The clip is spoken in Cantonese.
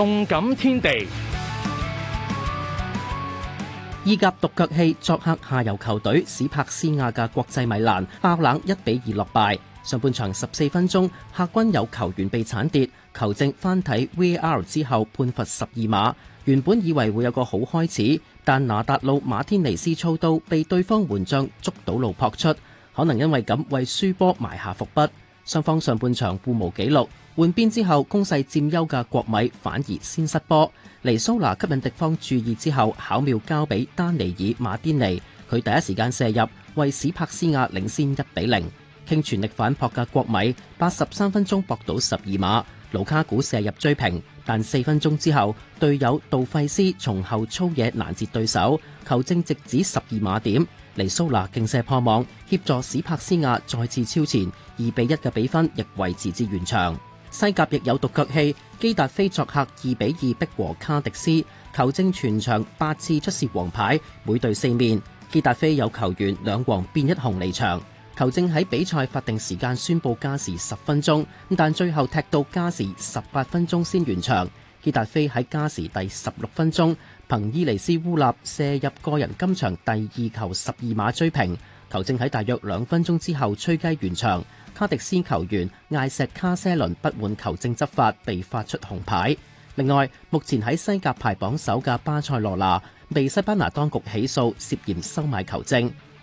動感天地，意甲獨腳戲作客下游球隊史柏斯亞嘅國際米蘭爆冷一比二落敗。上半場十四分鐘，客軍有球員被鏟跌，球證翻睇 VR 之後判罰十二碼。原本以為會有個好開始，但拿達路馬天尼斯操刀被對方門將捉到路撲出，可能因為咁為輸波埋下伏筆。雙方上半場互無紀錄，換邊之後攻勢佔優嘅國米反而先失波。尼蘇拿吸引敵方注意之後，巧妙交俾丹尼爾馬丁尼，佢第一時間射入，為史柏斯亞領先一比零。傾全力反撲嘅國米，八十三分鐘搏到十二碼，盧卡古射入追平。但四分鐘之後，隊友杜費斯從後粗野攔截對手，球證直指十二碼點，尼蘇納勁射破網，協助史柏斯亞再次超前，二比一嘅比分，亦維持至完場。西甲亦有獨腳戲，基達菲作客二比二逼和卡迪斯，球證全場八次出示黃牌，每隊四面。基達菲有球員兩黃變一紅離場。球證喺比賽法定時間宣布加時十分鐘，但最後踢到加時十八分鐘先完場。基達菲喺加時第十六分鐘憑伊尼斯烏納射入個人今場第二球十二碼追平。球證喺大約兩分鐘之後吹雞完場。卡迪斯球員艾石卡西倫不滿球證執法被發出紅牌。另外，目前喺西甲排榜首嘅巴塞羅那被西班牙當局起訴涉嫌收買球證。